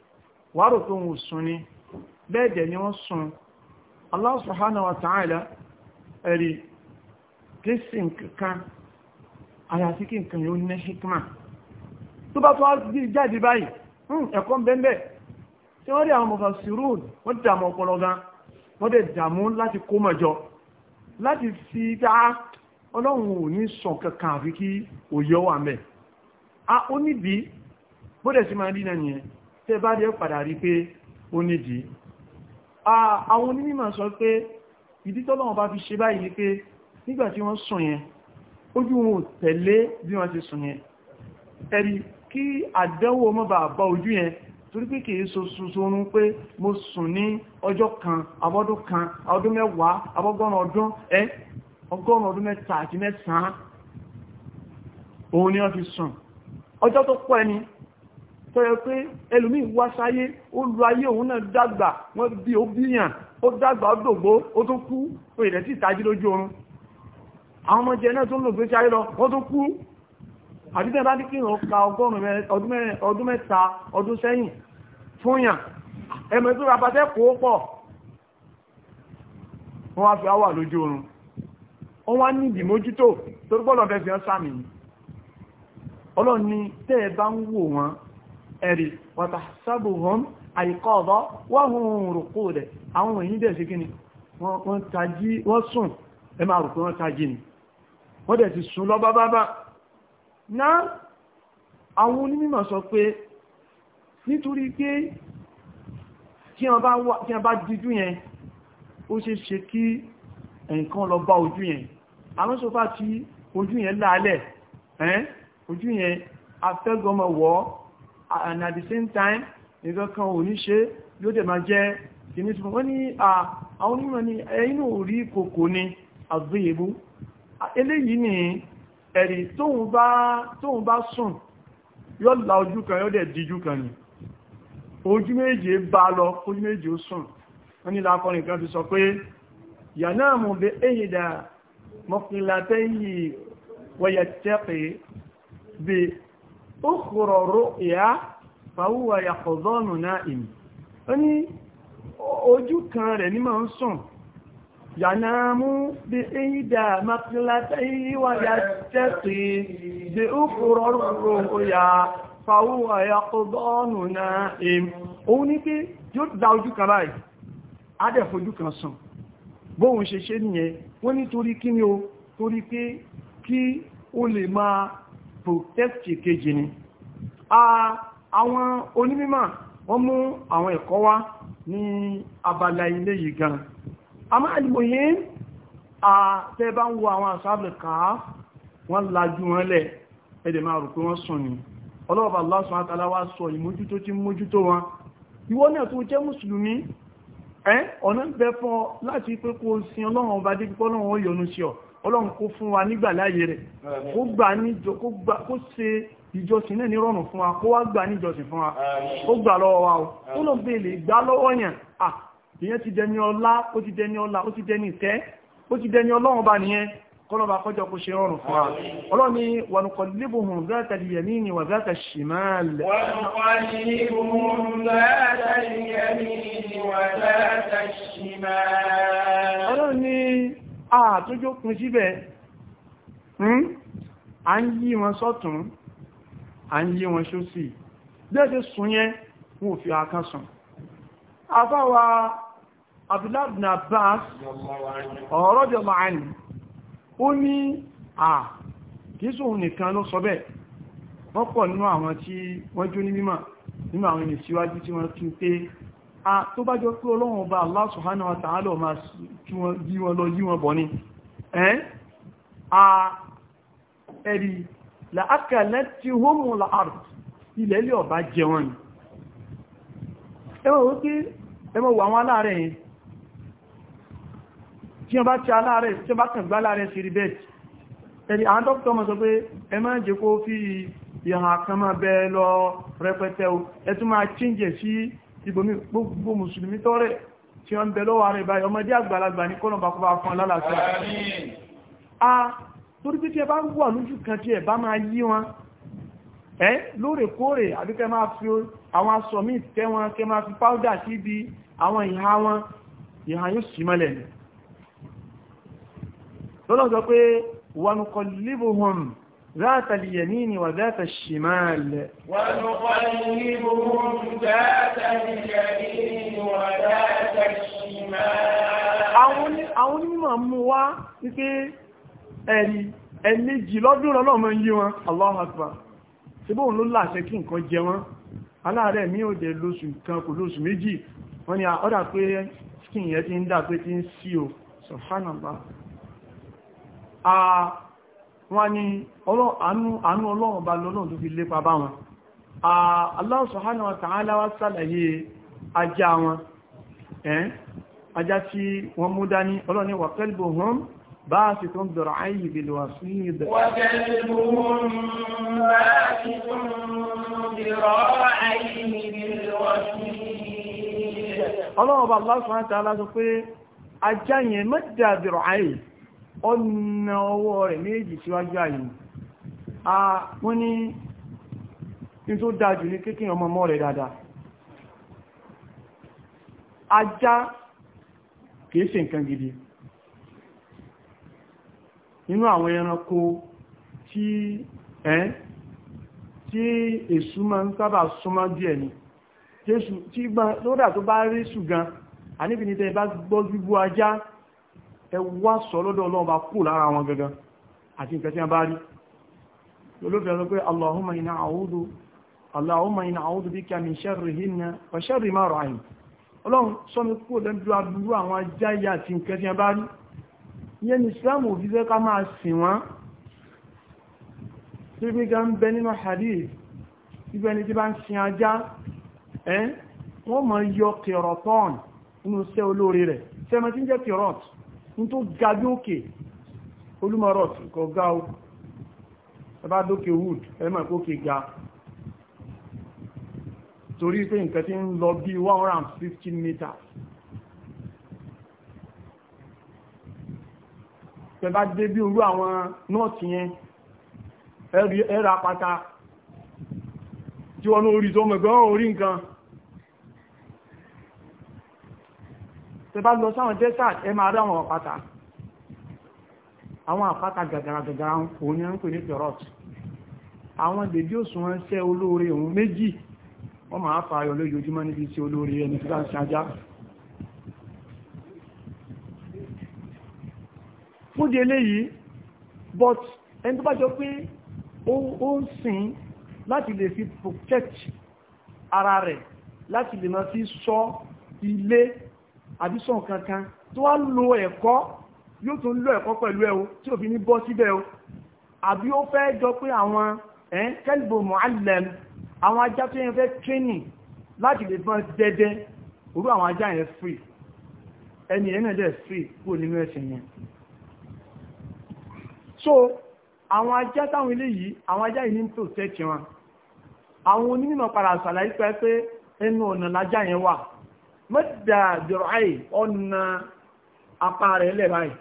wárò tó ń sùn ni bẹ́ẹ̀dẹ̀ ni wọ́n sùn Allah subhanahu wa ta'ala ẹ̀rí kìsì nǹkan àyàfi kí nǹkan yóò ní hikma tó bá tó wá jáde báyìí hmm, ẹ̀kọ́ bẹ́ẹ̀ tí wọ́n rí àwọn mọ̀fà sírùn wọ́n dàmú ọpọlọ gan wọ́n ọlọ́run ò ní sàn kankan àfi kí wà mẹ́ a ó níbi bó dẹ̀ sí máa rí náà nìyẹn tẹ́ bá dé padà rí pé ó nídìí àwọn onímọ̀ sọ pé ìdí tọ́lọ́wọ́n bá fi ṣe báyìí pé nígbà tí wọ́n sùn yẹn ojú wọn ò tẹ̀lé bí wọ́n ti sùn yẹn ẹ̀rí kí àdánwò má bàa bá ojú yẹn torí pé kìí so sunsunrun pé mo sùn ní ọjọ́ kan abọ́dún kan ọdún mẹ́wàá abọ́gọ́rùn ọdún ẹ́ ọgọ́rùn ọdún mẹ́ta àti mẹ́sàn-án òun ni wọ́n fi sùn ọjọ́ tó pọ̀ ẹni tó yẹ pé ẹlòmíì wá sáyé ó lu ayé òun náà dàgbà wọ́n bí ó bíyàn ó dàgbà ó dògbó ó tó kú ó ìrẹ̀ sí ìtají lójú oorun àwọn ọmọ jẹ náà tó ń lò gbéṣẹ́ ayé lọ wọ́n tó kú àdúgbẹ́ bá ní kí wọ́n ka ọgọ́rùn-ún mẹ́ta ọdún sẹ́yìn fúnyàn ẹ̀mọ̀ tó ra pàtẹ́ kó pọ̀ wọ́n wá fi áwà lójú oorun wọ́n wá ní ìdìmójútó torí pọ́lọ̀ fi hàn sáàmì ọlọ́ni tẹ́ bá ń wò wọ́n ẹ̀rí wàtà sábùhùn àìkọ́ ọ̀dọ́ wọ́n hùn rùkú rẹ̀ àwọn òyìn dẹ̀ sí kíni wọ́n tají wọ́n sùn ẹ máa rùkú wọ́n tají ni wọ́n dẹ̀ ti sùn lọ bábábá náà àwọn onímọ̀ sọ pé nítorí pé kí wọ́n bá díjú yẹn ó ṣe ṣe kí nǹkan lọ bá ojú yẹn àwọn sọfá tí ojú yẹn láàlẹ̀ ojú yẹn afẹ́gọmọ wọ́ and at the same time nǹkan kan ò ní ṣe yóò dẹ̀ máa jẹ́ kìíní tí wọ́n ní àwọn onímọ̀ ní ẹ̀yìnú orí kòkò ní àgbéyèbú eléyìí ni ẹ̀rì tóun bá sùn yóò la ojú kan yóò dẹ̀ díjú kan ni ojú méje bá lọ ojú méje ó sùn wọ́n ní lákọrin kan ti sọ pé yànáàmù bẹ èyìdà mọ́kànlá tẹ́yìn wọ́yẹ̀ ukhra ru'ya fa huwa yaqdhanu na'im ó ní ojú kan rẹ̀ ní máa ń sùn yànàmú bí ìdá ya tẹ́sì bí ukhra ru'ya fa kan ṣe ṣe nìyẹn wọ́n kí ni o torí pé kí o protesti kejì ni àwọn onímímọ̀ wọ́n mú àwọn ẹ̀kọ́ wá ní abala ilé yìí gan àmọ́ àdìmòye àtẹ́ bá ń wo àwọn àṣàbìkà wọ́n lajú wọn lẹ̀ ẹ̀dẹ̀ máa rò pé wọ́n sùn ni ọlọ́ọ̀bà Allah subhanahu wa ta'ala wá sọ ìmójútó tí mójútó wọn ìwọ náà tó jẹ́ mùsùlùmí ẹ́ ọ̀nà ń bẹ láti pé kó ọlọ́run ọba dé pípọ́ náà wọ́n yọ́nú sí ọ ọlọ́run kó fún wa nígbà láyé rẹ̀ kó gbà níjọ kó ṣe ìjọsìn náà ní rọrùn fún wa kó wá gbà níjọsìn fún wa ó gbà lọ́wọ́ wa o ó lọ bèèlè gbà lọ́wọ́ yẹn à ìyẹn ti dẹni ọlá ó ti dẹni ọlá ó ti dẹni ìtẹ́ ó ti dẹni ọlọ́run bá nìyẹn kọlọba kọjọ kó ṣe rọrùn fún wa ọlọ́run ni wa nuqallibuhum dhata al-yamini wa dhata ash-shimal ni àtójó kún síbẹ̀ a hmm? ń yí wọn sọ́tún a ń yí wọn sósì bẹ́ẹ̀ sùn wọ́n fi akán sùn afáwa Abdullah ọ̀rọ̀ jọ máa ó ní à kìíṣòun nìkan ló sọ bẹ́ẹ̀ wọ́n pọ̀ nínú àwọn tí wọ́n jó ní mímọ̀ nínú àwọn ènìyàn síwájú tí wọ́n tún pé a tó bá jọ pé Ọlọ́run ọba Allah Subhanahu wa ta'ala máa yí wọn lọ yí wọn bọ̀ ní ẹ́n a ẹ̀rí la'akẹ́lẹ́ tí ó mú la'arù ilẹ̀ ilẹ̀ ọba jẹ wọn ni ẹwọ́n ó kí ẹmọ wà wọn aláàrẹ̀ yẹn tí wọ́n bá ti aláàrẹ̀ tí wọ́n bá àwọn dókítà mọ̀ sọ pé ẹ má jẹ́ kó fi ìhàn kan bẹ́ẹ̀ lọ rẹpẹtẹ ẹ tún máa chíǹjẹ̀ sí ibòmí gbogbo mùsùlùmí tọ́rẹ̀ tí wọ́n ń bẹ lọ́wọ́ rẹ̀ báyìí ọmọdé àgbàlagbà ní kọ́nà bàkọ́ bá fún alálàáfíà a torí pé tí ẹ bá wà lójú kan tí ẹ bá máa yí wọn ẹ lóòrèkóòrè àbí kẹ máa fi àwọn aṣọ míì tẹ́ wọn kẹ máa fi páúdà sí ibi àwọn ìhà wọn ìhà yóò sì mọ́lẹ̀ lọ́lọ́ ذات اليمين وذات الشمال ونقلبهم
ذات اليمين وذات الشمال
àwọn onímọ̀ mú wá wípé ẹ̀rí ẹ̀lẹ́jì yí wọn Allahu Akbar síbò ń ló láṣẹ kí nǹkan jẹ wọn aláàrẹ̀ mí ò dé lóṣù kan kò lóṣù méjì wọ́n ni ọ̀dà pé skin yẹn ti ń dà pé ti ń sí o Subhanallah wọ́n ní àánú ọlọ́run bá lọ́nà tó fi lépa bá wọn Allah subhanahu wa ta'ala wá sàlàyé ajá wọn ẹ́n ajá tí wọ́n mú dání ọlọ́run ní wa kalbuhum basitun dir'ayhi bil wasid wa kalbuhum
basitun dir'ayhi bil wasid
ọlọ́run bá Allah subhanahu sọ pé ajá yẹn mẹ́ta ọ̀nà ọwọ́ rẹ̀ méjì síwájú àyìn a wọ́n ní in tó dájú ní kékín ọmọ mọ́ rẹ̀ dáadáa ajá kìí ṣe nǹkan gidi nínú àwọn ẹranko tí ẹ́ tí èṣù máa ń sábà súnmọ́ díẹ̀ ni jésù tí gbọ́n lódà tó bá rí ṣùgbọ́n àníbìnitẹ́ bá gbọ́ gbígbó ajá ẹ wá sọ lọ́dọ̀ ọlọ́run bá kú lára wọn gangan àti nǹkan tí wọ́n bá rí olóòfẹ́ sọ pé allahumma inna a'udhu allahumma inna a'udhu bika min sharrihinna wa sharri ma ra'ayn ọlọ́run sọ́mi kú lẹ́dọ́ aburú àwọn ajáyà àti nǹkan tí wọ́n bá rí ìyẹn ni islam ò fi fẹ́ ká máa sìn wọ́n tí bí ga ń bẹ nínú hadith ibẹ̀ tí ń jẹ́ kẹrọ̀tọ́ ní tó ga bí òkè olúmọ̀rọ̀t kọ ga ó ẹbá dókè wood ẹmọ̀ ìkókè ga torí pé nǹkan tí ń lọ bí 150 meters tẹbá dé bí orú àwọn nọ́ọ̀tì yẹn ẹ̀rà pátá tí wọ́n ní orí tó mẹ̀gbọ́n orí nǹkan tẹ bá lọ sáwọn desert ẹ máa rí àwọn àpáta àwọn àpáta gàgàràgàgàrà òun ni a ń pè ní perot àwọn dèdí òsùnwọ́n ṣẹ́ olóore òun méjì wọ́n máa fa ayọ̀ lójoojúmọ́ níbi tí olóore ẹni tí bá ń ṣajá fúdí eléyìí but ẹni tó bá jọ pé ó ń sìn láti lè fi protect ara rẹ̀ láti lè máa fi ṣọ́ ilé àbí sọ kankan tó wá lo ẹ̀kọ́ yóò tún lo ẹ̀kọ́ pẹ̀lú ẹ̀ o tí ò fi ní bọ́ síbẹ̀ o àbí ó fẹ́ jọ pé àwọn ẹ̀ẹ́n kẹ́lìbò mọ̀álẹ̀m àwọn ajá tó yẹn fẹ́ tírénì láti lè fọ́n dẹ́dẹ́ orú àwọn ajá yẹn free ẹni ẹ̀nà dẹ̀ free kúrò nínú ẹ̀sìn yẹn so àwọn ajá táwọn ilé yìí àwọn ajá yìí ní tó tẹ́kì wọn àwọn onímọ̀ padà sàlàyé pé ẹnu ọ̀nà lájá yẹn wà mẹ́ta jọ̀rọ̀áì ọ̀nà apá rẹ̀ lẹ̀ báyìí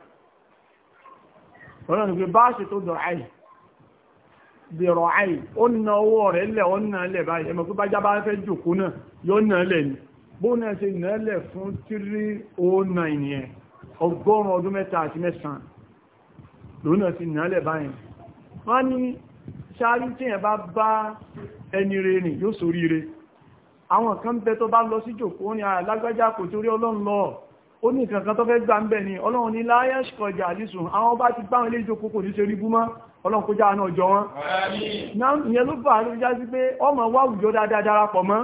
ọ̀nà nígbé bá ṣe tó jọ̀rọ̀áì jọ̀rọ̀áì ọ̀nà ọwọ́ rẹ̀ lẹ̀ ọ̀nà lẹ̀ báyìí ẹmọ̀ pípa jábá fẹ́ jòkó náà yọ́nà lẹ̀ ni bó náà ṣe nà lẹ̀ fún 309 yẹn ọgọ́rùn ọdún àwọn kan bẹ tó bá lọ sí jòkó ó ní alágbájá ah, kò torí ọlọ́run lọ ó ní kankan tó fẹ́ gbà ń bẹ̀ ni ọlọ́run ní láyé ṣkọjà àdísùn àwọn bá ti gbáwọn ilé ìjòkó kò ní ṣe rí búmọ́ ọlọ́run kó jáà náà jọ
wọn
ìyẹn ló fà ló já sí pé ọmọ wá àwùjọ dáadáa darapọ̀ mọ́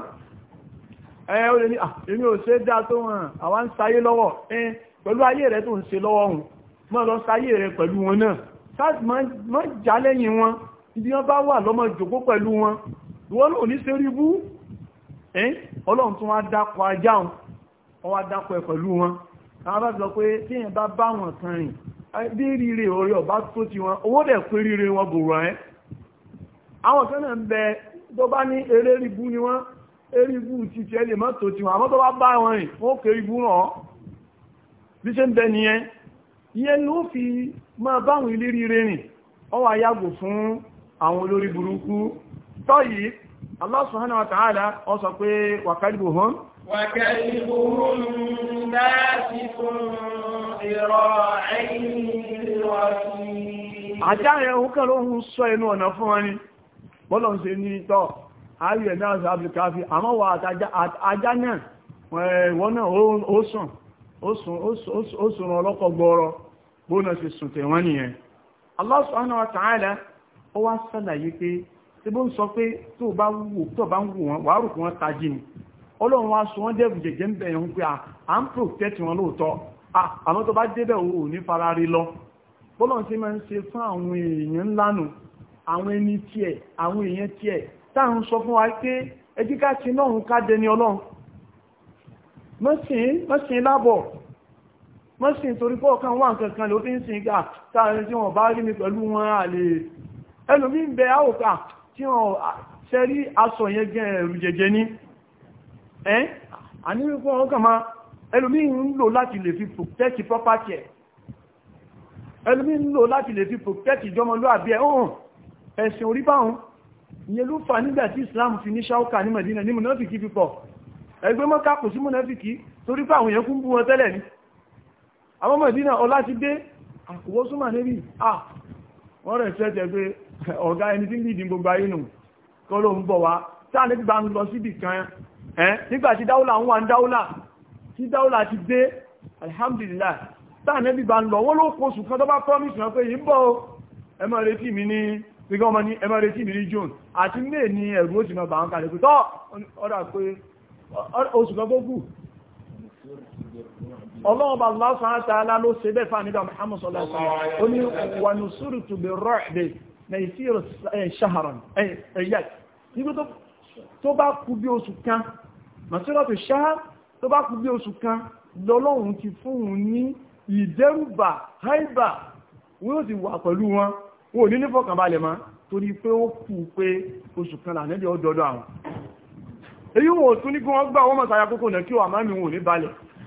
ẹ ó lè ní ah, èmi ò ṣe dáa tó hàn àwa ń sayé lọ́wọ́ ẹ pẹ̀lú ayé rẹ tó ń ṣe lọ́wọ́ hùn mọ́ lọ sayé rẹ pẹ̀lú wọn náà sáàtì mọ́ já lẹ́yìn wọn ibi wọn bá wà lò ní ṣe bú ọlọ́run tún wá dákọ̀ ajá wọn wọ́n wá dákọ̀ ẹ̀ pẹ̀lú wọn àwọn bá sọ pé tí èèyàn bá bá wọn kan rìn bí rire orí ọba tó ti wọn owó dẹ̀ pé rire wọn bò rọ̀ ẹ́ àwọn kan náà ń bẹ tó bá ní eré ríbú ni wọ́n eré ibú ti tiẹ̀ lè má tó ti wọn àmọ́ tó bá bá wọn rìn wọ́n kéré ibú ràn án bí ṣe ń bẹ nìyẹn ìyẹn ló fi máa báwọn ilé rire rìn wọ́n wá fún àwọn olórí burúkú tọ́yìí Allah subhanahu wa ta'ala ó sọ pe wa kalbuhum
wa kalbuhum basitun dhira'ayhi al-wasil Ajá rẹ̀
òun kàn ló ń sọ inú ọ̀nà fún wọn ni, bọ́lọ̀ ń ṣe tọ́, náà, Allah subhanahu wa tí bó ń sọ pé tó bá wù tó bá ń wù wọn wà rùkù wọn tají ni ọlọ́run wá sọ wọ́n dẹ̀bù jẹ̀jẹ̀ ń bẹ̀ yẹn pé à ń protect wọn lóòótọ́ àwọn tó bá débẹ̀ òru ní fara rí lọ bọ́lọ̀ sí máa ń ṣe fún àwọn èèyàn ńlánu àwọn ẹni tiẹ̀ àwọn èèyàn tiẹ̀ táwọn sọ fún wa pé ẹjíká ti náà ká dẹni ọlọ́run mọ́sìn lábọ̀ mọ́sìn torí pọ́ kan wà nǹkan kan ló fi ń sin gà táàrin tí wọ́n bá rí mi pẹ̀lú wọn àlè ẹlòmí ń bẹ áwòká tí wọ́n sẹ́rí aṣọ yẹn gẹ́ ẹ̀rù jẹjẹ ní ẹ́ àníwípọ́ wọn kàn máa ẹlòmí ń lò láti lè fi protect property ẹ̀ ẹlòmí ń lò láti lè fi protect ìjọmọlúàbí ẹ̀ ọ̀hún ẹ̀sìn orí báhùn ìyẹn ló fà nígbà tí Islam fi ní ṣáúkà ní Medina ní mùnáfìkì pípọ̀ ẹgbẹ́ mọ́ká kò sí mùnáfìkì torí pé àwọn èèyàn kún bú wọn tẹ́lẹ̀ ni àwọn Medina ọlá ti dé àkùwọ́sùmà níbi ah wọ́n rẹ̀ ṣẹ́jẹ́ pé ọ̀gá ẹni tí ń dìdì gbogbo ayé nù kọ́ ló ń bọ̀ wá táà nígbà ń lọ síbì kan ẹ́ nígbà tí dáúlà ń wà ń dáúlà tí dáúlà ti dé alhamdulillah táà nígbà ń lọ wọ́n ló kóṣù kan tó bá promise wọn pé yìí ń bọ̀ o ẹ máa retí mi ní gbígbọ́n ọmọ ní ẹ máa retí mi ní June àti may ní ẹ̀rù ó sì máa bà ń kalẹ̀ pé tọ́ ọ̀dà pé oṣù kan gbógù ọlọ́ọ̀bà lásán àtàlá ló ṣe bẹ́ nígbà Muhammad sọ́lọ́sán ó wànúsúrù tó bẹ̀ na ṣaharan tó bá kú bí oṣù kan tó oṣù lọ́lọ́run ti fún un ní ìdẹ́rùbà haibà kú pé oṣù kan lànẹ́dẹ̀ ní kí wọ́n wọ́n mọ̀ sáyà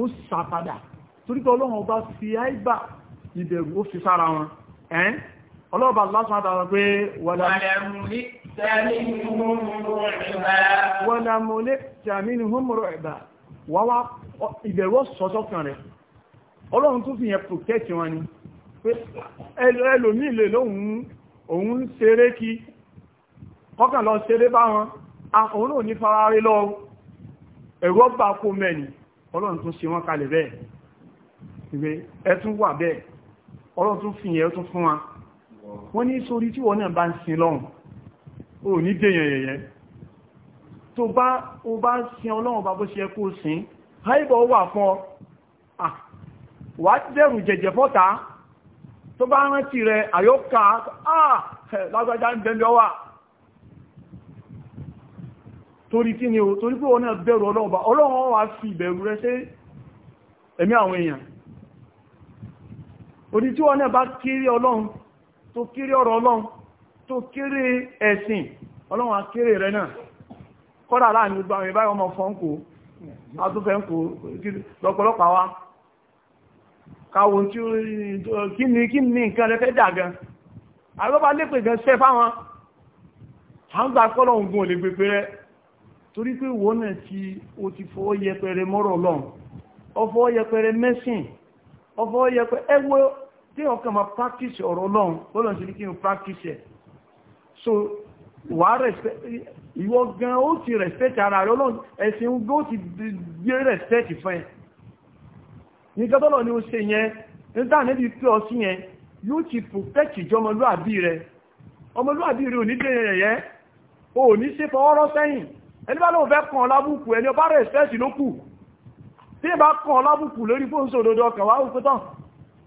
ó sàpadà torí pé ọlọ́run ọba fi àìbà ìbẹ̀rù ó fi sára wọn ẹ́n ọlọ́ọ̀bà lásán àtàrà pé
wọ́lámúlé
tàmínú húnmùrù ẹ̀bà wáwá ìbẹ̀rù ọ̀sọ̀sọ́kàn rẹ̀ ọlọ́run tó fi yẹn protect wọn ni pé ẹlòmí ilé lóhun òun ń ṣeré kí kọ́kàn lọ ṣeré bá wọn òun náà ní fara rí lọ ẹ̀rọ bá kó mẹ́ni ọlọ́run tún ṣe wọ́n kalẹ̀ bẹ́ẹ̀ ìwé ẹtún wà bẹ́ẹ̀ ọlọ́run tún fi yẹn tún fún wa wọ́n ní sórí tí wọ́n náà bá ń sin lọ́hùn ò ní dèyàn yẹ̀yẹ́ tó bá o bá sin ọlọ́run bá bó ṣe kó sin haibọ̀ wà fún ọ wà dẹ̀rù jẹ̀jẹ̀ fọ́ta tó bá rántí rẹ̀ àyọ́ka lágbàjá ń bẹ̀mí ọwà torí kí ni o torí pé wọ́n náà bẹ̀rù ọlọ́ọ̀bá ọlọ́wọ́n wá fi ìbẹ̀rù rẹ sí ẹ̀mí àwọn èèyàn òdí tí wọ́n náà bá kéré ọlọ́run tó kéré ọ̀rọ̀ ọlọ́run tó kéré ẹ̀sìn ọlọ́run akéré rẹ náà kọ́dà láàrin gbogbo àwọn ìbáyọ̀ ọmọ fọ́nkò atúfẹ́ǹkò lọ́pọ̀lọpọ̀ wa káwo tí kí torí pé wọ́n náà tí ó ti fọwọ́ yẹpẹrẹ mọ́rọ̀ lọ́n ọfọ́ yẹpẹrẹ mẹ́sìn ọfọ́ yẹpẹrẹ ẹwọ́ tí ọkàn ma practice ọ̀rọ̀ lọ́n lọ́nà sí kí n practice ẹ̀ so wà ìwọ gan ó ti respect ara rẹ̀ ọlọ́n ẹ̀sìn ó ti gbé respect fún ẹ ní gọ́tọ́lọ̀ ni ó ṣe yẹn nígbà níbi pé ọ sí yẹn yóò ti protect ìjọmọlúàbí rẹ ọmọlúàbí rẹ ò ní dé ẹ̀yẹ ò ní ṣe fọwọ́rọ́ sẹ́yìn ẹni bá lóun fẹ́ kàn lábùkù ẹni ọba rẹ̀ ṣẹ́ẹ̀sì ló kù tí ìbá kàn lábùkù lórí fóònù sódodo ọkàn wá òkú tán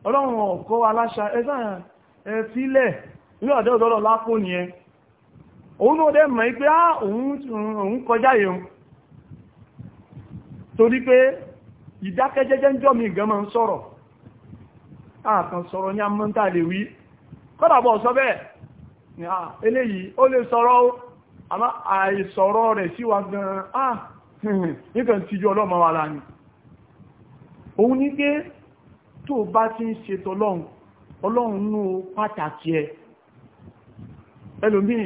ọlọ́run ọ̀kọ́ aláṣà ẹ̀sà ẹ̀fílẹ̀ ní ọ̀dẹ́ ọ̀dọ́lọ̀ lápò ní ẹ òun ó dẹ́ mọ̀ pé ah, òun kọjá yẹun torí pé ìdákẹ́jẹ́jẹ́ ń jọ mi gan ma ń sọ̀rọ̀ àkàn sọ̀rọ̀ ní amọ́ntà lè wí kọ́dàbọ̀ sọ bẹ́ẹ̀ ah, eléyìí ó lè sọ̀rọ̀ àmọ́ àìsọ̀rọ̀ rẹ̀ sí wa gan ah [laughs] nìkan tí jọ ọlọ́mọ wa láni òun ní pé tó bá ti ń ṣe tọ́lọ́run ọlọ́run ní pàtàkì ẹ ẹlòmíì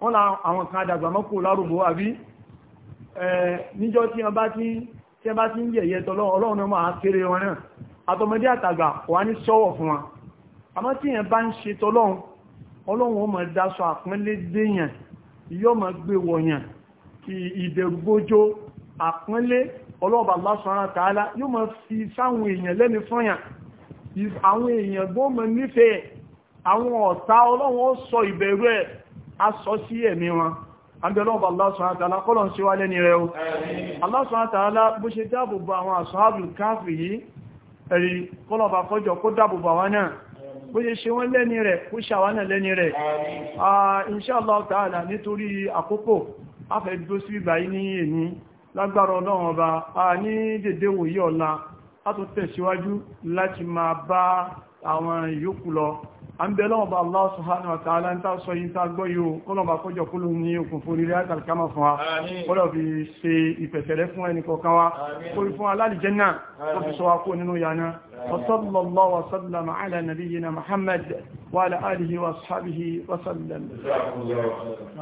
wọ́n la àwọn kan àdàgbà mọ́kò lárùgbò àbí níjọ́ tí wọ́n bá ti ń yẹ̀yẹ́ tọ́lọ́run ọlọ́run náà máa kéré wọn náà àtọmọdé àtàgbà yóò máa gbé wọ̀nyàn kí ìdẹ̀rùgbójó àpọ́nlé ọlọ́ọ̀bà lásánra tààlá yóò máa fi sáwọn èèyàn lẹ́ni fọ́nyàn àwọn èèyàn gbọ́ mọ̀ nífẹ̀ẹ́ àwọn ọ̀tá ọlọ́wọ́n sọ ìbẹ̀rù ẹ̀ asọ sí ẹ̀mí wọn abẹ́lọ́ọ̀bà lásánra tààlá kọ́lọ̀ sí wá lẹ́ni rẹ̀ o lásánra tààlá bó ṣe dáàbòbò àwọn àṣọ́ bó ṣe ṣe wọ́n lẹ́ni rẹ̀ kó ṣàwánà lẹ́ni rẹ̀ insha Allah ta'ala nítorí àkókò afẹ́dúró sí ìgbà yìí ní èní lágbára ọlọ́run ọba a ní dédé wòye ọ̀la a tẹ̀síwájú láti máa bá àwọn ìyókù lọ àbẹ̀lọ́wọ̀bà Allah subhanahu wa ta'ala ń tàà sọ yínta gbọ́ yóò kọ́lọ̀bà kọjọ kúlù ní okùn fún orí rẹ̀ alkama fún wa kọ́lọ̀ fi ṣe ìfẹ̀sẹ̀rẹ́ fún ẹni kọ̀ọ̀kan wa kó nínú yana wasallallahu wasallam